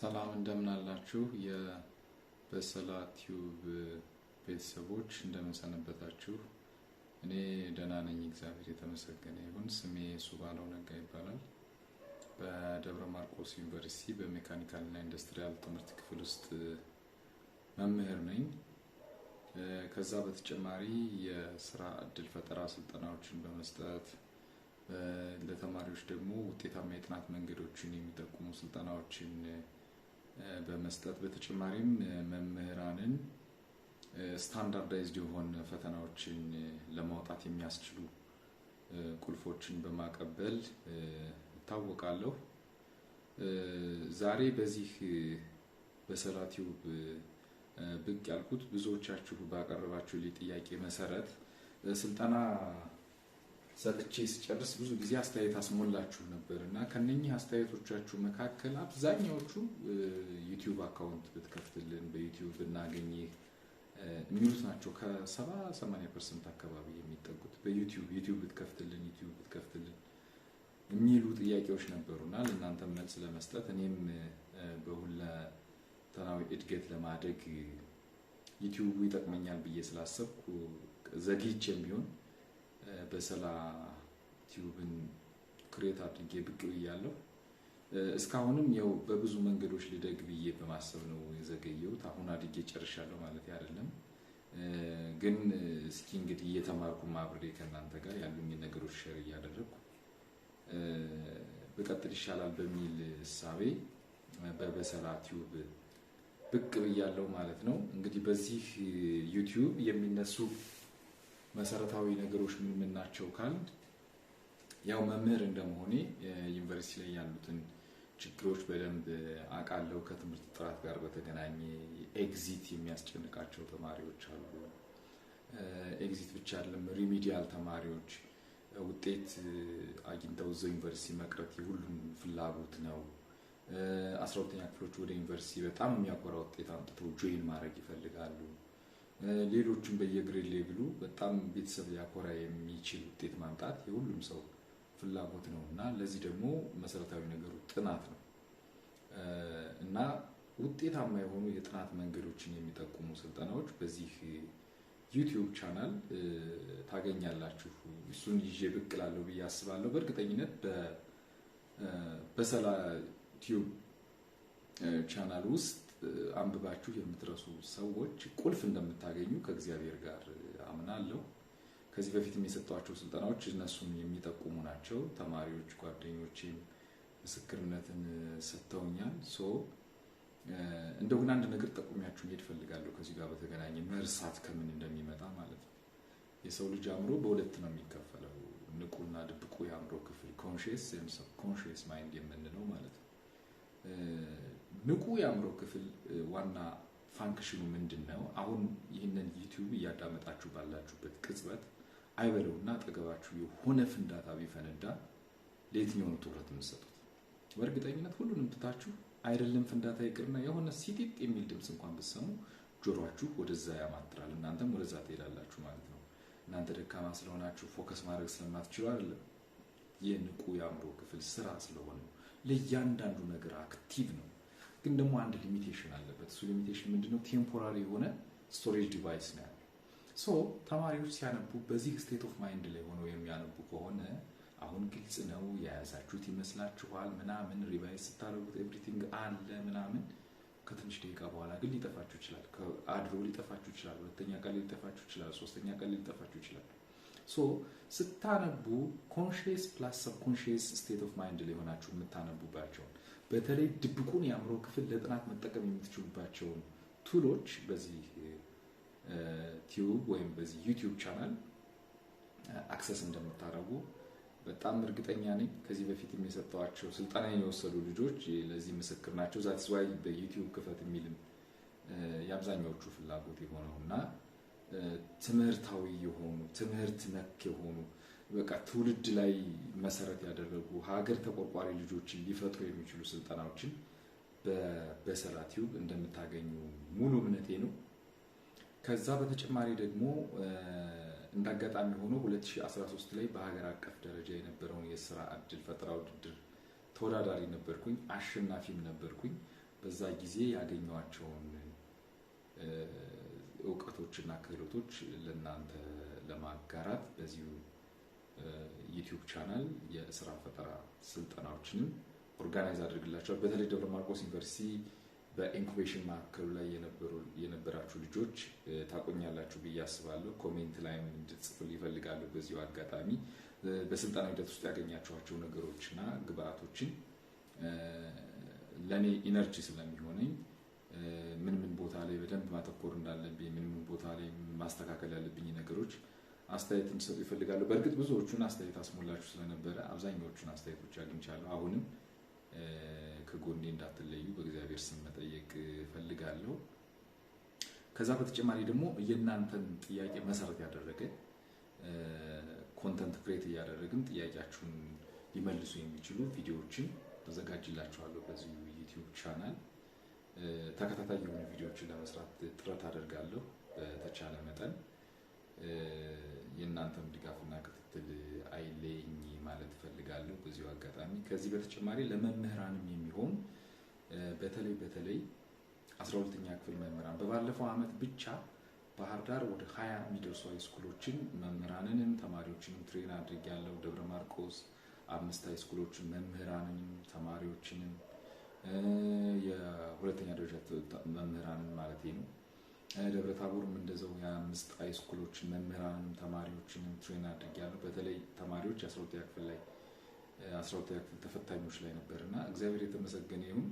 ሰላም እንደምን አላችሁ? የበሰላ ቲዩብ ቤተሰቦች እንደምንሰነበታችሁ እኔ ደህና ነኝ፣ እግዚአብሔር የተመሰገነ ይሁን። ስሜ ሱባለው ነጋ ይባላል። በደብረ ማርቆስ ዩኒቨርሲቲ በሜካኒካል እና ኢንዱስትሪያል ትምህርት ክፍል ውስጥ መምህር ነኝ። ከዛ በተጨማሪ የስራ እድል ፈጠራ ስልጠናዎችን በመስጠት ለተማሪዎች ደግሞ ውጤታማ የጥናት መንገዶችን የሚጠቁሙ ስልጠናዎችን በመስጠት በተጨማሪም መምህራንን ስታንዳርዳይዝድ የሆነ ፈተናዎችን ለማውጣት የሚያስችሉ ቁልፎችን በማቀበል እታወቃለሁ። ዛሬ በዚህ በሰላቲዩብ ብቅ ያልኩት ብዙዎቻችሁ ባቀረባችሁ ጥያቄ መሰረት ስልጠና ሰጥቼ ስጨርስ ብዙ ጊዜ አስተያየት አስሞላችሁ ነበር እና ከነኚህ አስተያየቶቻችሁ መካከል አብዛኛዎቹ ዩቲዩብ አካውንት ብትከፍትልን በዩቲዩብ ብናገኝህ የሚሉት ናቸው። ከሰባ ሰማንያ ፐርሰንት አካባቢ የሚጠጉት በዩቲዩብ ዩቲዩብ ብትከፍትልን ዩቲዩብ ብትከፍትልን የሚሉ ጥያቄዎች ነበሩና ለእናንተ መልስ ለመስጠት እኔም በሁለንተናዊ እድገት ለማደግ ዩቲዩቡ ይጠቅመኛል ብዬ ስላሰብኩ ዘግይቼም ቢሆን በሰላ ቲዩብን ክሬት አድርጌ ብቅ ብያለሁ። እስካሁንም ያው በብዙ መንገዶች ልደግ ብዬ በማሰብ ነው የዘገየሁት። አሁን አድጌ ጨርሻለሁ ማለት አይደለም፣ ግን እስኪ እንግዲህ እየተማርኩ ማብሬ ከእናንተ ጋር ያሉኝ ነገሮች ሸር እያደረግኩ ብቀጥል ይሻላል በሚል እሳቤ በበሰላ ቲዩብ ብቅ ብያለሁ ማለት ነው። እንግዲህ በዚህ ዩቲዩብ የሚነሱ መሰረታዊ ነገሮች ምን ምን ናቸው ካል ያው መምህር እንደመሆኔ ዩኒቨርሲቲ ላይ ያሉትን ችግሮች በደንብ አቃለው ከትምህርት ጥራት ጋር በተገናኘ ኤግዚት የሚያስጨንቃቸው ተማሪዎች አሉ። ኤግዚት ብቻ አይደለም፣ ሪሚዲያል ተማሪዎች ውጤት አግኝተው እዛው ዩኒቨርሲቲ መቅረት የሁሉም ፍላጎት ነው። አስራ ሁለተኛ ክፍሎች ወደ ዩኒቨርሲቲ በጣም የሚያኮራ ውጤት አምጥተው ጆይን ማድረግ ይፈልጋሉ። ሌሎችም በየግሬድ ሌብሉ በጣም ቤተሰብ ሊያኮራ የሚችል ውጤት ማምጣት የሁሉም ሰው ፍላጎት ነው እና ለዚህ ደግሞ መሰረታዊ ነገሩ ጥናት ነው እና ውጤታማ የሆኑ የጥናት መንገዶችን የሚጠቁሙ ስልጠናዎች በዚህ ዩቲዩብ ቻናል ታገኛላችሁ። እሱን ይዤ ብቅ ብዬ አስባለሁ። በእርግጠኝነት በሰላ ቲዩብ ቻናል ውስጥ አንብባችሁ የምትረሱ ሰዎች ቁልፍ እንደምታገኙ ከእግዚአብሔር ጋር አምናለሁ። ከዚህ በፊትም የሰጧቸው ስልጠናዎች እነሱን የሚጠቁሙ ናቸው። ተማሪዎች ጓደኞቼም ምስክርነትን ሰጥተውኛል። ሶ ግን አንድ ነገር ጠቁሚያችሁ መሄድ እፈልጋለሁ። ከዚህ ጋር በተገናኘ መርሳት ከምን እንደሚመጣ ማለት ነው። የሰው ልጅ አእምሮ በሁለት ነው የሚከፈለው፣ ንቁና ድብቁ የአእምሮ ክፍል ኮንሽየስ ወይም ማይንድ የምንለው ማለት ነው። ንቁ የአእምሮ ክፍል ዋና ፋንክሽኑ ምንድን ነው? አሁን ይህንን ዩቲዩብ እያዳመጣችሁ ባላችሁበት ቅጽበት አይበለውና አጠገባችሁ የሆነ ፍንዳታ ቢፈነዳ ለየትኛው ነው ትኩረት የምትሰጡት? በእርግጠኝነት ሁሉንም ትታችሁ አይደለም ፍንዳታ ይቅርና የሆነ ሲጢጥ የሚል ድምፅ እንኳን ብትሰሙ ጆሯችሁ ወደዛ ያማትራል፣ እናንተም ወደዛ ትሄዳላችሁ ማለት ነው። እናንተ ደካማ ስለሆናችሁ ፎከስ ማድረግ ስለማትችሉ አይደለም፣ የንቁ የአእምሮ ክፍል ስራ ስለሆነ ለእያንዳንዱ ነገር አክቲቭ ነው። ግን ደግሞ አንድ ሊሚቴሽን አለበት። እሱ ሊሚቴሽን ምንድነው? ቴምፖራሪ የሆነ ስቶሬጅ ዲቫይስ ነው ያለው። ሶ ተማሪዎች ሲያነቡ በዚህ ስቴት ኦፍ ማይንድ ላይ ሆነው የሚያነቡ ከሆነ አሁን ግልጽ ነው የያዛችሁት ይመስላችኋል፣ ምናምን ሪቫይዝ ስታደረጉት ኤቭሪቲንግ አለ ምናምን። ከትንሽ ደቂቃ በኋላ ግን ሊጠፋችሁ ይችላል። አድሮ ሊጠፋችሁ ይችላል። ሁለተኛ ቀን ሊጠፋችሁ ይችላል። ሶስተኛ ቀን ሊጠፋችሁ ይችላል። ሶ ስታነቡ ኮንሽስ ፕላስ ሰብኮንሽስ ስቴት ኦፍ ማይንድ ላይ ሆናችሁ የምታነቡባቸውን በተለይ ድብቁን የአእምሮ ክፍል ለጥናት መጠቀም የምትችሉባቸውን ቱሎች በዚህ ቲዩብ ወይም በዚህ ዩቲዩብ ቻናል አክሰስ እንደምታደርጉ በጣም እርግጠኛ ነኝ። ከዚህ በፊት የሰጠዋቸው ስልጠና የወሰዱ ልጆች ለዚህ ምስክር ናቸው። ዛትስ ዋይ በዩቲዩብ ክፈት የሚልም የአብዛኛዎቹ ፍላጎት የሆነው እና ትምህርታዊ የሆኑ ትምህርት ነክ የሆኑ በቃ ትውልድ ላይ መሰረት ያደረጉ ሀገር ተቆርቋሪ ልጆችን ሊፈጥሩ የሚችሉ ስልጠናዎችን በሰላቲው እንደምታገኙ ሙሉ እምነቴ ነው። ከዛ በተጨማሪ ደግሞ እንዳጋጣሚ ሆኖ 2013 ላይ በሀገር አቀፍ ደረጃ የነበረውን የስራ እድል ፈጠራ ውድድር ተወዳዳሪ ነበርኩኝ፣ አሸናፊም ነበርኩኝ። በዛ ጊዜ ያገኘኋቸውን እውቀቶችና ክህሎቶች ለእናንተ ለማጋራት በዚሁ ዩቲዩብ ቻናል የስራ ፈጠራ ስልጠናዎችንም ኦርጋናይዝ አድርግላቸዋል። በተለይ ደብረ ማርቆስ ዩኒቨርሲቲ በኢንኩቤሽን ማዕከሉ ላይ የነበራችሁ ልጆች ታቆኛላችሁ ብዬ አስባለሁ። ኮሜንት ላይም እንድትጽፉልኝ ይፈልጋሉ በዚሁ አጋጣሚ በስልጠና ሂደት ውስጥ ያገኛቸዋቸው ነገሮችና ግብአቶችን ለእኔ ኢነርጂ ስለሚሆነኝ ምን ምን ቦታ ላይ በደንብ ማተኮር እንዳለብኝ፣ ምን ምን ቦታ ላይ ማስተካከል ያለብኝ ነገሮች አስተያየት እንዲሰጡ ይፈልጋሉ። በእርግጥ ብዙዎቹን አስተያየት አስሞላችሁ ስለነበረ አብዛኛዎቹን አስተያየቶች አግኝቻለሁ። አሁንም ከጎኔ እንዳትለዩ በእግዚአብሔር ስም መጠየቅ እፈልጋለሁ። ከዛ በተጨማሪ ደግሞ የእናንተን ጥያቄ መሰረት ያደረገ ኮንተንት ክሬት እያደረግን ጥያቄያችሁን ሊመልሱ የሚችሉ ቪዲዮዎችን ተዘጋጅላችኋለሁ። በዚሁ ዩቲዩብ ቻናል ተከታታይ የሆኑ ቪዲዮዎችን ለመስራት ጥረት አደርጋለሁ በተቻለ መጠን የእናንተም ድጋፍና ክትትል አይለየኝ ማለት እፈልጋለሁ በዚሁ አጋጣሚ። ከዚህ በተጨማሪ ለመምህራንም የሚሆን በተለይ በተለይ 12ኛ ክፍል መምህራን በባለፈው ዓመት ብቻ ባህር ዳር ወደ ሀያ የሚደርሱ ሃይስኩሎችን መምህራንንም ተማሪዎችንም ትሬን አድርግ ያለው ደብረ ማርቆስ አምስት ሃይስኩሎችን መምህራንንም ተማሪዎችንም የሁለተኛ ደረጃ መምህራንን ማለት ነው ደብረ ታቦርም እንደዚያው የአምስት ሃይስኩሎች መምህራንም ተማሪዎችንም ትሬን አድርጊያለሁ። በተለይ ተማሪዎች አስራ ሁለተኛ ክፍል ላይ አስራ ሁለተኛ ክፍል ተፈታኞች ላይ ነበር እና እግዚአብሔር የተመሰገነ ይሁን።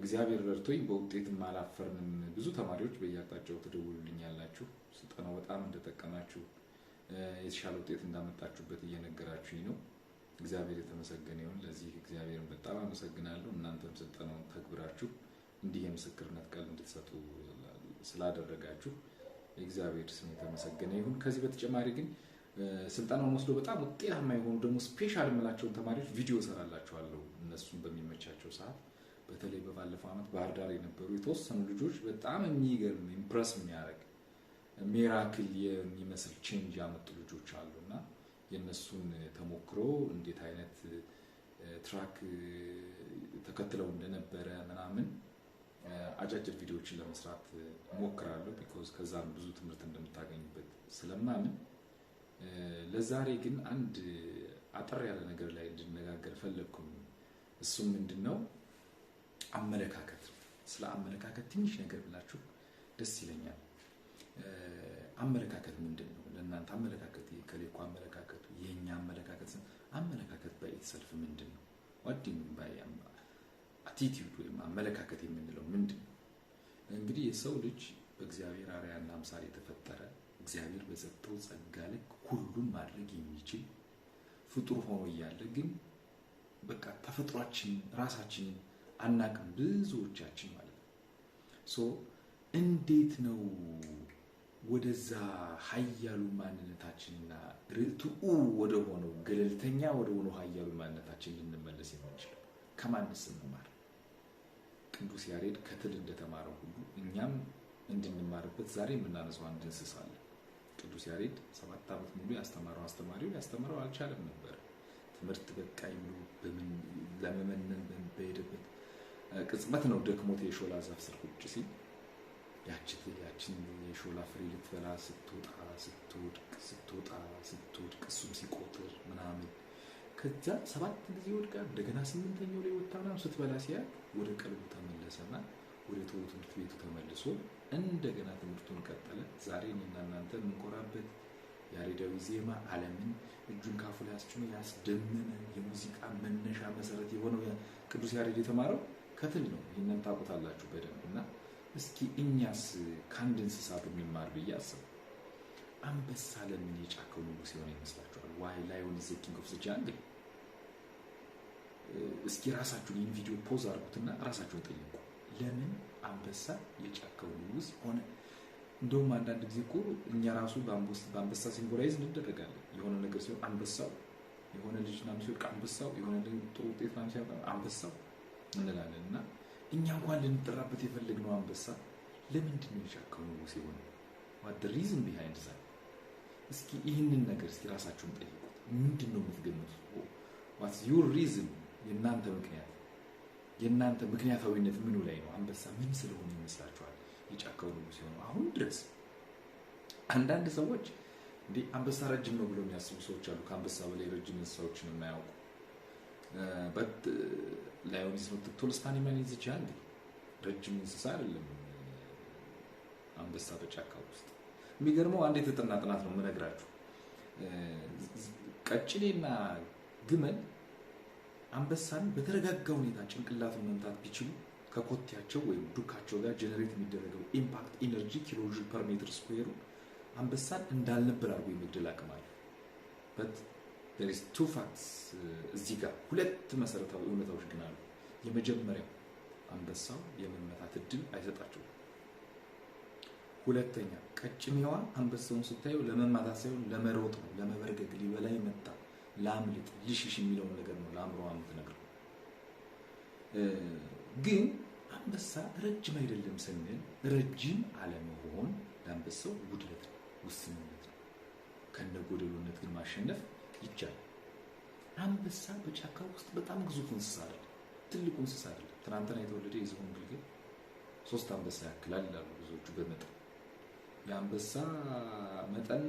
እግዚአብሔር ረድቶኝ በውጤትም አላፈርንም። ብዙ ተማሪዎች በየአቅጣጫው ትደውሉልኝ ያላችሁ ስልጠናው በጣም እንደጠቀማችሁ የተሻለ ውጤት እንዳመጣችሁበት እየነገራችሁኝ ነው። እግዚአብሔር የተመሰገነ ይሁን። ለዚህ እግዚአብሔርን በጣም አመሰግናለሁ። እናንተም ስልጠናውን ተግብራችሁ እንዲህ የምስክርነት ቃል እንድትሰጡ ስላደረጋችሁ እግዚአብሔር ስም የተመሰገነ ይሁን። ከዚህ በተጨማሪ ግን ስልጠናውን ወስዶ በጣም ውጤታማ የሆኑ ደግሞ ስፔሻል የምላቸውን ተማሪዎች ቪዲዮ ሰራላቸዋለሁ እነሱን በሚመቻቸው ሰዓት። በተለይ በባለፈው ዓመት ባህር ዳር የነበሩ የተወሰኑ ልጆች በጣም የሚገርም ኢምፕረስ የሚያደርግ ሚራክል የሚመስል ቼንጅ ያመጡ ልጆች አሉ እና የእነሱን ተሞክሮ እንዴት አይነት ትራክ ተከትለው እንደነበረ ምናምን አጫጭር ቪዲዮዎችን ለመስራት ሞክራለሁ። ቢኮዝ ከዛም ብዙ ትምህርት እንደምታገኝበት ስለማምን፣ ለዛሬ ግን አንድ አጠር ያለ ነገር ላይ እንድነጋገር ፈለግኩኝ። እሱም ምንድን ነው? አመለካከት። ስለ አመለካከት ትንሽ ነገር ብላችሁ ደስ ይለኛል። አመለካከት ምንድን ነው ለእናንተ? አመለካከት ከሌኮ አመለካከቱ የእኛ አመለካከት አመለካከት በኢትሰልፍ ምንድን ነው? ዋዲም አቲቲዩድ ወይም አመለካከት የምንለው ምንድን ነው? እንግዲህ የሰው ልጅ በእግዚአብሔር አርአያና አምሳል የተፈጠረ እግዚአብሔር በሰጠው ጸጋ ልክ ሁሉን ማድረግ የሚችል ፍጡር ሆኖ እያለ ግን በቃ ተፈጥሯችን ራሳችንን አናቅም፣ ብዙዎቻችን ማለት ነው። ሶ እንዴት ነው ወደዛ ሀያሉ ማንነታችንና ርቱዕ ወደ ሆነው ገለልተኛ ወደ ሆነው ሀያሉ ማንነታችን ልንመለስ የምንችለው? ከማንስ እንማር? ቅዱስ ያሬድ ከትል እንደተማረው ሁሉ እኛም እንድንማርበት ዛሬ የምናነሳው አንድ እንስሳ አለ። ቅዱስ ያሬድ ሰባት ዓመት ሙሉ ያስተማረው አስተማሪው ያስተምረው አልቻለም ነበር። ትምህርት በቃ ይሉ ለመመነን በሄደበት ቅጽበት ነው ደክሞት የሾላ ዛፍ ስር ቁጭ ሲል ያችን የሾላ ፍሬ ልትበላ ስትወጣ ስትወድቅ ስትወጣ ስትወድቅ እሱም ሲቆጥር ምናምን ከዛ ሰባት ጊዜ ወድቃ እንደገና ስምንተኛው ላይ ወጣ ምናምን ስትበላ ሲያ ወደ ቀልቡ ተመለሰና ወደ ተወ ትምህርት ቤቱ ተመልሶ እንደገና ትምህርቱን ቀጠለ። ዛሬ እኔና እናንተ የምንኮራበት ያሬዳዊ ዜማ ዓለምን እጁን ካፉ ላይ አስጭኖ ያስደመመ የሙዚቃ መነሻ መሰረት የሆነው ቅዱስ ያሬድ የተማረው ከትል ነው። ይህንን ታውቁታላችሁ በደንብ እና እስኪ እኛስ ከአንድ እንስሳ ብንማር ብዬ አስብ። አንበሳ ለምን የጫካው ንጉሥ የሆነ ይመስላችኋል? ዋይ ላይን ዘ ኪንግ ኦፍ ዘ ጃንግል እስኪ ራሳችሁን ይህን ቪዲዮ ፖዝ አድርጉትና ራሳችሁን ጠይቁ። ለምን አንበሳ የጫካው ንጉሥ ሆነ? እንደውም አንዳንድ ጊዜ እኮ እኛ ራሱ በአንበሳ ሲምቦላይዝ እንደረጋለን። የሆነ ነገር ሲሆን አንበሳው፣ የሆነ ልጅ ምናምን ሲወድቅ አንበሳው፣ የሆነ ጥሩ ውጤት ምናምን ሲያመጣ አንበሳው እንላለን እና እኛ እንኳን ልንጠራበት የፈለግነው አንበሳ ለምንድን ነው የጫካው ንጉስ የሆነ? ዋት ሪዝን ቢሃይንድ ዛ? እስኪ ይህንን ነገር እስኪ ራሳችሁን ጠይቁት። ምንድን ነው የምትገምቱት? ዋትስ ዩር ሪዝን የእናንተ ምክንያት የእናንተ ምክንያታዊነት ምኑ ላይ ነው? አንበሳ ምን ስለሆኑ ይመስላችኋል? የጫካው ንጉሥ ሲሆኑ አሁን ድረስ አንዳንድ ሰዎች እንዲህ አንበሳ ረጅም ነው ብሎ የሚያስቡ ሰዎች አሉ። ከአንበሳ በላይ ረጅም እንስሳዎችን የማያውቁ በት ላይሆን ይስኖት ቶልስታን ማኔዝ ይችላል። ረጅም እንስሳ አይደለም አንበሳ በጫካ ውስጥ። የሚገርመው አንድ የተጠና ጥናት ነው የምነግራችሁ። ቀጭኔና ግመል አንበሳን በተረጋጋ ሁኔታ ጭንቅላቱን መምታት ቢችሉ ከኮቴያቸው ወይም ዱካቸው ጋር ጀኔሬት የሚደረገው ኢምፓክት ኢነርጂ ኪሎጁል ፐር ሜትር ስኩዌሩ አንበሳን እንዳልነበር አድርጎ የመግደል አቅም አለ። በት ቱ ፋክትስ እዚህ ጋር ሁለት መሰረታዊ እውነታዎች ግን አሉ። የመጀመሪያው አንበሳው የመመታት እድል አይሰጣቸውም። ሁለተኛ ቀጭን አንበሳውን ስታየው ለመማታት ሳይሆን ለመሮጥ ነው፣ ለመበርገግ ሊበላይ መጣ ላምልጥ፣ ልሽሽ የሚለውን ነገር ነው ለአእምሮ የምትነግረው። ግን አንበሳ ረጅም አይደለም ስንል ረጅም አለመሆን ለአንበሳው ጉድለት ነው፣ ውስንነት ነው። ከነ ጎደሎነት ግን ማሸነፍ ይቻላል። አንበሳ በጫካ ውስጥ በጣም ግዙፍ እንስሳ አይደለም፣ ትልቁ እንስሳ አይደለም። ትናንትና የተወለደ የዝሆን ግልገል ሶስት አንበሳ ያክላል ይላሉ ብዙዎቹ በመጠን የአንበሳ መጠን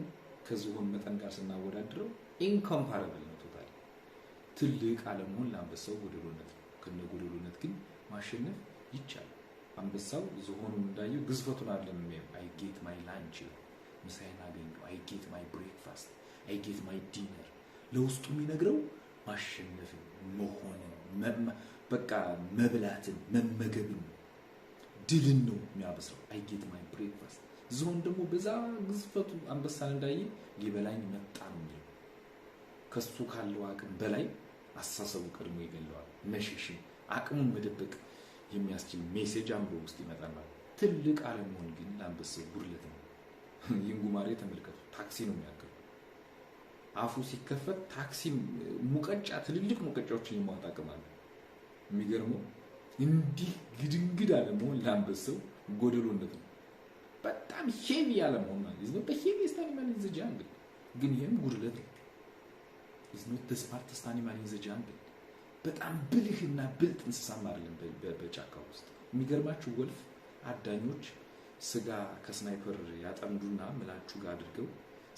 ከዝሆን መጠን ጋር ስናወዳድረው ኢንኮምፓረብል ነው። ቶታል ትልቅ አለመሆን ለአንበሳው ጎደሎነት ነው። ከነ ጎደሎነት ግን ማሸነፍ ይቻላል። አንበሳው ዝሆኑ እንዳየው ግዝፈቱን አለም የሚያየው። አይ ጌት ማይ ላንች ይላል። ምሳይን አገኙ አይ ጌት ማይ ብሬክፋስት ዝሆን ደግሞ በዛ ግዝፈቱ አንበሳን እንዳየ ሊበላኝ መጣ ነው። ከሱ ካለው አቅም በላይ አሳሰቡ ቀድሞ ይገለዋል። መሸሽም አቅሙን መደበቅ የሚያስችል ሜሴጅ አምሮ ውስጥ ይመጣል ማለት ትልቅ አለመሆን ግን ለአንበሳው ጉድለት ነው። ይንጉ ማሬ ተመልከቱ። ታክሲ ነው የሚያክል አፉ ሲከፈት ታክሲ ሙቀጫ፣ ትልልቅ ሙቀጫዎችን የማወጣ አቅም አለ። የሚገርመው እንዲህ ግድንግድ አለመሆን ለአንበሳው ጎደሎነት ነው። በጣም ሄቪ ያለ መሆን ማለት ነው። በሄቪየስት አኒማል ኢን ዘ ጃንግል ግን ይህም ጉድለት ነው። ኢዝ ኖት ዘ ስማርተስት አኒማል ኢን ዘ ጃንግል በጣም ብልህና ብልጥ እንስሳ አይደለም በጫካ ውስጥ። የሚገርማችሁ ወልፍ አዳኞች ስጋ ከስናይፐር ያጠምዱና ምላችሁ ጋር አድርገው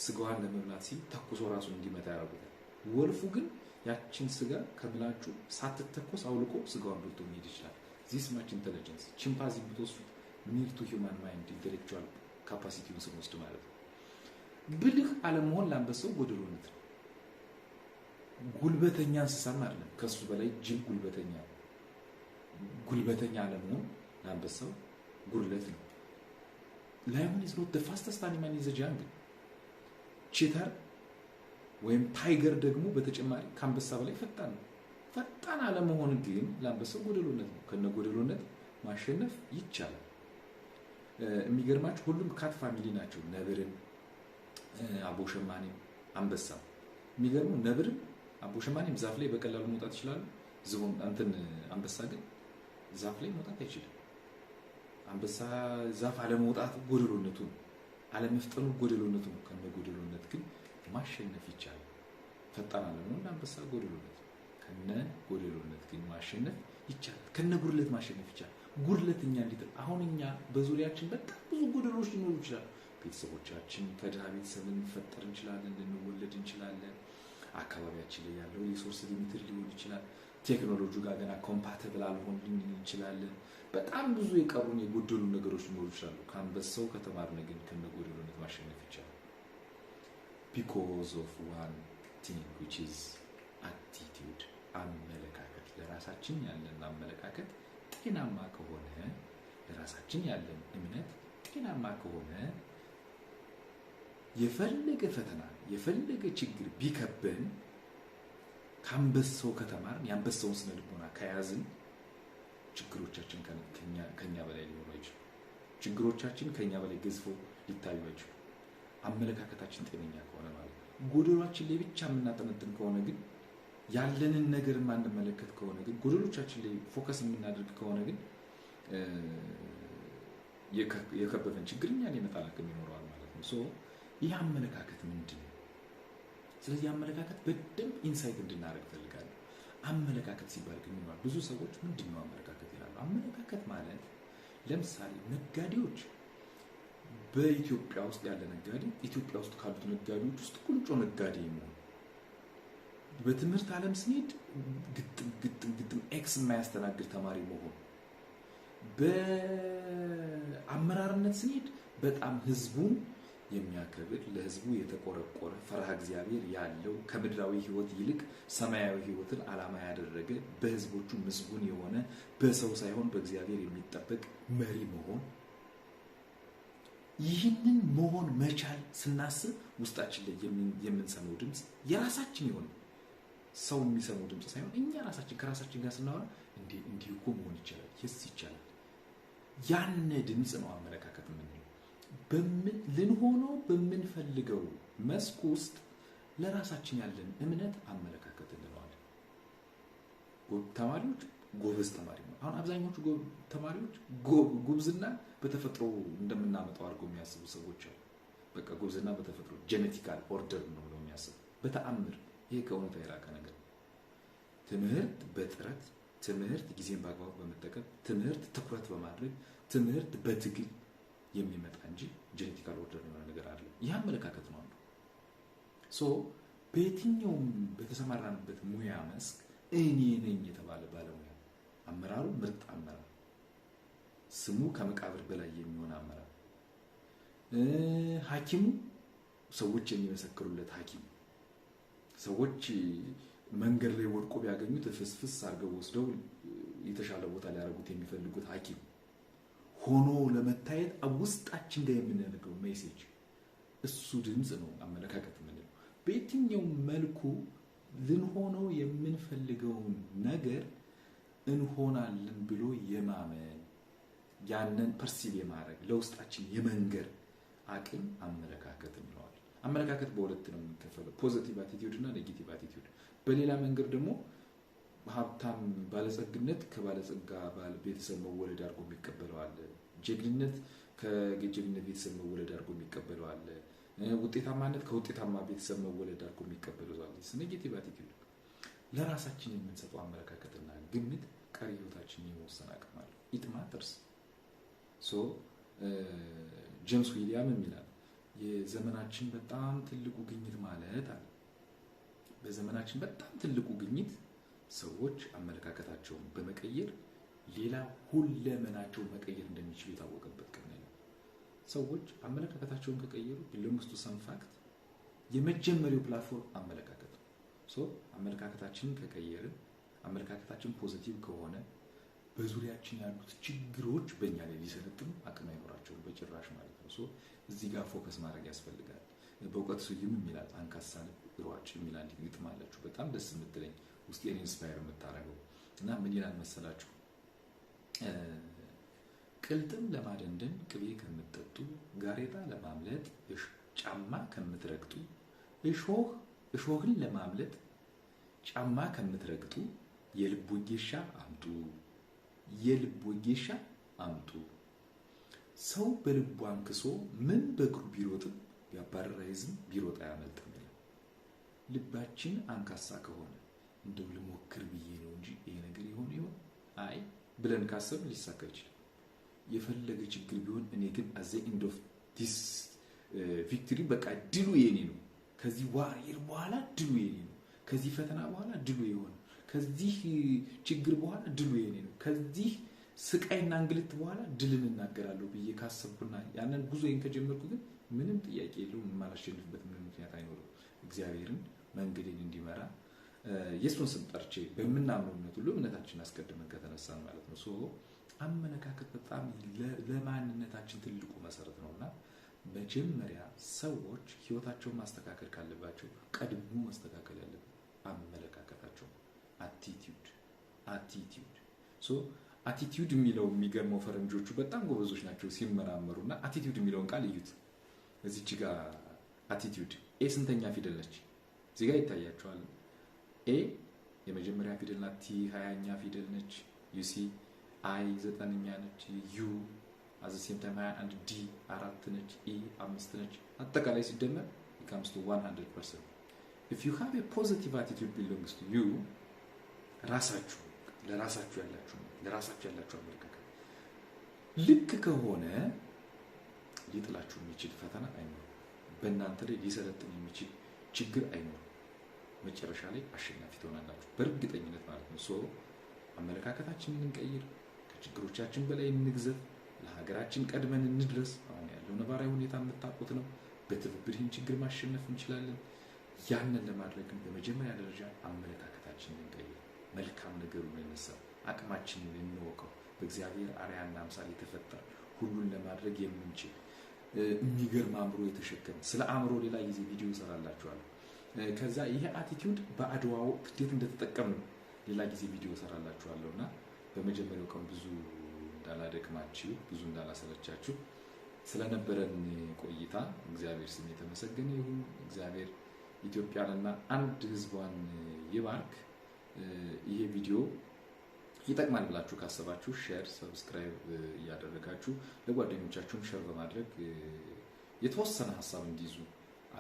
ስጋዋን ለመብላት ሲል ተኩሶ ራሱን እንዲመታ ያደርጉታል። ወልፉ ግን ያችን ስጋ ከምላጩ ሳትተኮስ አውልቆ ስጋዋን ብልቶ መሄድ ይችላል። ዚስ ማች ኢንቴሊጀንስ ቺምፓንዚ ብትወስዱት ኒር ቱ ሂውማን ማይንድ ኢንቴሌክቹዋል ካፓሲቲውን ስንወስድ ማለት ነው። ብልህ አለመሆን ላንበሳው ጎደሎነት ነው። ጉልበተኛ እንስሳም አይደለም። ከሱ በላይ ጅል ጉልበተኛ ነው። ጉልበተኛ አለመሆን ላንበሳው ጉድለት ነው። ላይሆን ኢዝ ኖት ዘ ፋስተስት አኒማል ኢን ዘ ጃንግል። ቺታር ወይም ታይገር ደግሞ በተጨማሪ ከአንበሳ በላይ ፈጣን ነው። ፈጣን አለመሆን ግን ላንበሳው ጎደሎነት ነው። ከነ ጎደሎነት ማሸነፍ ይቻላል። የሚገርማቸው ሁሉም ካት ፋሚሊ ናቸው። ነብርም፣ አቦሸማኔም፣ አንበሳም የሚገርሙ ነብርም አቦሸማኔም ዛፍ ላይ በቀላሉ መውጣት ይችላሉ። ዝሆን እንትን አንበሳ ግን ዛፍ ላይ መውጣት አይችልም። አንበሳ ዛፍ አለመውጣት ጎደሎነቱ ነው። አለመፍጠኑ ጎደሎነቱ ነው። ከነ ጎደሎነት ግን ማሸነፍ ይቻላል። ፈጣን አለመሆን አንበሳ ጎደሎነት፣ ከነ ጎደሎነት ግን ማሸነፍ ይቻላል። ከነ ጉድለት ማሸነፍ ይቻላል። ጉድለትኛ እኛ እንዲጥል አሁን እኛ በዙሪያችን በጣም ብዙ ጉድሎች ሊኖሩ ይችላል። ቤተሰቦቻችን ከድሃ ቤተሰብ ልንፈጠር እንችላለን፣ ልንወለድ እንችላለን። አካባቢያችን ላይ ያለው ሪሶርስ ሊሚትድ ሊሆን ይችላል። ቴክኖሎጂ ጋር ገና ኮምፓተብል አልሆን እንችላለን። በጣም ብዙ የቀሩን የጎደሉ ነገሮች ሊኖሩ ይችላሉ። ከአንበሳው ከተማርነ ግን ከነጎደሉነት ማሸነፍ ይቻላል። ቢኮዝ ኦፍ ዋን ቲንግ ዊች ኢዝ አቲቲዩድ፣ አመለካከት ለራሳችን ያለን አመለካከት ጤናማ ከሆነ ለራሳችን ያለን እምነት ጤናማ ከሆነ የፈለገ ፈተና የፈለገ ችግር ቢከበን ከአንበሳው ከተማርን የአንበሳውን ስነ ልቦና ከያዝን ችግሮቻችን ከኛ በላይ ሊሆኑ አይችሉ ችግሮቻችን ከኛ በላይ ገዝፎ ሊታዩ አይችሉ አመለካከታችን ጤነኛ ከሆነ ማለት ነው። ጎደሏችን ላይ ብቻ የምናጠነጥን ከሆነ ግን ያለንን ነገር የማንመለከት ከሆነ ግን ጎደሎቻችን ላይ ፎከስ የምናደርግ ከሆነ ግን የከበበን ችግር እኛ የመጣል አቅም ይኖረዋል ማለት ነው። ይህ አመለካከት ምንድን ነው? ስለዚህ አመለካከት በደንብ ኢንሳይት እንድናደርግ እፈልጋለሁ። አመለካከት ሲባል ግን ይኖራል። ብዙ ሰዎች ምንድን ነው አመለካከት ይላሉ። አመለካከት ማለት ለምሳሌ ነጋዴዎች በኢትዮጵያ ውስጥ ያለ ነጋዴ ኢትዮጵያ ውስጥ ካሉት ነጋዴዎች ውስጥ ቁንጮ ነጋዴ መሆን በትምህርት ዓለም ስንሄድ ግጥም ግጥም ግጥም ኤክስ የማያስተናግድ ተማሪ መሆን፣ በአመራርነት ስንሄድ በጣም ህዝቡን የሚያከብር ለህዝቡ የተቆረቆረ ፈርሃ እግዚአብሔር ያለው ከምድራዊ ህይወት ይልቅ ሰማያዊ ህይወትን ዓላማ ያደረገ በህዝቦቹ ምስጉን የሆነ በሰው ሳይሆን በእግዚአብሔር የሚጠበቅ መሪ መሆን ይህንን መሆን መቻል ስናስብ ውስጣችን ላይ የምንሰማው ድምፅ የራሳችን ይሆናል። ሰው የሚሰማው ድምፅ ሳይሆን እኛ ራሳችን ከራሳችን ጋር ስናወራ እንዲህ እኮ መሆን ይቻላል፣ የስ ይቻላል። ያነ ድምፅ ነው አመለካከት የምንለው። ልንሆነው በምንፈልገው መስክ ውስጥ ለራሳችን ያለን እምነት አመለካከት እንለዋለን። ተማሪዎች ጎበዝ ተማሪ ነው። አሁን አብዛኞቹ ተማሪዎች ጉብዝና በተፈጥሮ እንደምናመጣው አድርገ የሚያስቡ ሰዎች አሉ። በቃ ጉብዝና በተፈጥሮ ጀኔቲካል ኦርደር ነው ብለው የሚያስቡ በተአምር ይሄ ከእውነታው የራቀ ነገር ነው። ትምህርት በጥረት ትምህርት ጊዜን በአግባቡ በመጠቀም ትምህርት ትኩረት በማድረግ ትምህርት በትግል የሚመጣ እንጂ ጄኔቲካል ኦርደር የሆነ ነገር አለ። ይህ አመለካከት ነው አንዱ። ሶ በየትኛውም በተሰማራንበት ሙያ መስክ እኔ ነኝ የተባለ ባለሙያ አመራሩ ምርጥ አመራር፣ ስሙ ከመቃብር በላይ የሚሆን አመራር፣ ሐኪሙ ሰዎች የሚመሰክሩለት ሐኪም ሰዎች መንገድ ላይ ወድቆ ቢያገኙት ፍስፍስ አድርገው ወስደው የተሻለ ቦታ ሊያደርጉት የሚፈልጉት ሐኪም ሆኖ ለመታየት ውስጣችን ጋር የምንልከው ሜሴጅ እሱ ድምፅ ነው። አመለካከት የምንለው በየትኛው መልኩ ልንሆነው የምንፈልገውን ነገር እንሆናለን ብሎ የማመን ያንን ፐርሲቭ የማድረግ ለውስጣችን የመንገር አቅም አመለካከት እንለዋል። አመለካከት በሁለት ነው የሚከፈለው፣ ፖዘቲቭ አቲቲዩድ እና ኔጌቲቭ አቲቲዩድ። በሌላ መንገድ ደግሞ ሀብታም ባለጸግነት ከባለጸጋ ቤተሰብ መወለድ አድርጎ የሚቀበለው አለ። ጀግንነት ከጀግንነት ቤተሰብ መወለድ አድርጎ የሚቀበለው አለ። ውጤታማነት ከውጤታማ ቤተሰብ መወለድ አድርጎ የሚቀበለው አለ። ኔጌቲቭ አቲቲዩድ ለራሳችን የምንሰጠው አመለካከትና ግምት ቀሪ ህይወታችን የመወሰን አቅም አለው። ኢት ማተርስ ዊሊያም የሚላል የዘመናችን በጣም ትልቁ ግኝት ማለት አለ። በዘመናችን በጣም ትልቁ ግኝት ሰዎች አመለካከታቸውን በመቀየር ሌላ ሁለመናቸው መቀየር እንደሚችሉ የታወቀበት ቀን ነው። ሰዎች አመለካከታቸውን ከቀየሩ ለምስቱ ሰንፋክት የመጀመሪያው ፕላትፎርም አመለካከት ነው። ሶ አመለካከታችንን ከቀየርን አመለካከታችን ፖዚቲቭ ከሆነ በዙሪያችን ያሉት ችግሮች በእኛ ላይ ሊሰለጥኑ አቅም አይኖራቸውም በጭራሽ ማለት ነው። እዚህ ጋር ፎከስ ማድረግ ያስፈልጋል። በእውቀት ስዩም የሚላል አንካሳ ሯጭ የሚል አንድ ግጥም አላችሁ። በጣም ደስ የምትለኝ ውስጤን ኢንስፓየር የምታደርገው እና ምን ይላል መሰላችሁ? ቅልጥም ለማደንደን ቅቤ ከምትጠጡ፣ ጋሬጣ ለማምለጥ ጫማ ከምትረግጡ፣ እሾህ እሾህን ለማምለጥ ጫማ ከምትረግጡ የልቡን ጌሻ አምጡ። የልብ ወጌሻ አምጡ። ሰው በልቡ አንክሶ ምን በእግሩ ቢሮጥም ቢያባረር አይዝም፣ ቢሮጥ አያመልጥም። ልባችን አንካሳ ከሆነ እንደው ልሞክር ብዬ ነው እንጂ ይሄ ነገር የሆነ ይሆን አይ ብለን ካሰብ ሊሳካ ይችላል። የፈለገ ችግር ቢሆን እኔ ግን አዘ ኢንድ ኦፍ ዲስ ቪክትሪ በቃ ድሉ የኔ ነው። ከዚህ ዋሪየር በኋላ ድሉ የኔ ነው። ከዚህ ፈተና በኋላ ድሉ የሆነ ከዚህ ችግር በኋላ ድሉ የኔ ነው፣ ከዚህ ስቃይና እንግልት በኋላ ድልን እናገራለሁ ብዬ ካሰብኩና ያንን ይህን ከጀመርኩ ግን ምንም ጥያቄ የለው የማላሸንፍበት ምንም ምክንያት አይኖርም። እግዚአብሔርን መንገድን እንዲመራ የእሱን ስም ጠርቼ በምናምነው እምነት ሁሉ እምነታችን አስቀድመን ከተነሳን ማለት ነው። ሶ አመለካከት በጣም ለማንነታችን ትልቁ መሰረት ነው እና መጀመሪያ ሰዎች ህይወታቸውን ማስተካከል ካለባቸው ቀድሞ ማስተካከል ያለበት አመለካከታቸው አቲቲዩድ አቲቲዩድ ሶ አቲቲዩድ የሚለው የሚገርመው ፈረንጆቹ በጣም ጎበዞች ናቸው ሲመራመሩ እና አቲቲዩድ የሚለውን ቃል እዩት እዚች ጋ አቲቲዩድ ኤ ስንተኛ ፊደል ነች እዚህ ይታያቸዋል ኤ የመጀመሪያ ፊደል ናት ቲ ሀያኛ ፊደል ነች ዩሲ አይ ዘጠነኛ ነች ዩ አዘሴም ታይም ሀያ አንድ ዲ አራት ነች ኢ e አምስት ነች አጠቃላይ ሲደመር ኢካምስ ቱ 100 ፐርሰንት ኢፍ ዩ ሃቭ ፖዚቲቭ አቲቲዩድ ቢሎንግስ ቱ ዩ ራሳችሁ ለራሳችሁ ያላችሁ ለራሳችሁ ያላችሁ አመለካከት ልክ ከሆነ ሊጥላችሁ የሚችል ፈተና አይኖርም። በእናንተ ላይ ሊሰለጥን የሚችል ችግር አይኖርም። መጨረሻ ላይ አሸናፊ ትሆናላችሁ በእርግጠኝነት ማለት ነው። ሶ አመለካከታችን እንቀይር፣ ከችግሮቻችን በላይ እንግዘፍ፣ ለሀገራችን ቀድመን እንድረስ። አሁን ያለው ነባራዊ ሁኔታ የምታውቁት ነው። በትብብር ይህን ችግር ማሸነፍ እንችላለን። ያንን ለማድረግ በመጀመሪያ ደረጃ አመለካከታችንን እንቀይር። መልካም ነገሩን እንሰብ፣ አቅማችንን እንወቀው። በእግዚአብሔር አርያና አምሳል የተፈጠረ ሁሉን ለማድረግ የምንችል የሚገርም አእምሮ የተሸከመ ስለ አእምሮ ሌላ ጊዜ ቪዲዮ እሰራላችኋለሁ። ከዛ ይሄ አቲቲዩድ በአድዋ ወቅት እንዴት እንደተጠቀም ነው ሌላ ጊዜ ቪዲዮ እሰራላችኋለሁ እና በመጀመሪያው ቀን ብዙ እንዳላደክማችሁ ብዙ እንዳላሰለቻችሁ ስለነበረን ቆይታ እግዚአብሔር ስም የተመሰገነ ይሁን። እግዚአብሔር ኢትዮጵያንና አንድ ሕዝቧን ይባርክ። ይሄ ቪዲዮ ይጠቅማል ብላችሁ ካሰባችሁ ሼር፣ ሰብስክራይብ እያደረጋችሁ ለጓደኞቻችሁም ሼር በማድረግ የተወሰነ ሀሳብ እንዲይዙ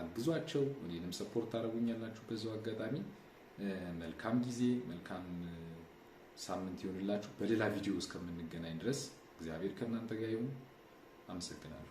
አግዟቸው። እኔንም ሰፖርት ያላችሁ በዛው አጋጣሚ መልካም ጊዜ፣ መልካም ሳምንት ይሆንላችሁ። በሌላ ቪዲዮ እስከምንገናኝ ድረስ እግዚአብሔር ከእናንተ ጋር ይሁን። አመሰግናለሁ።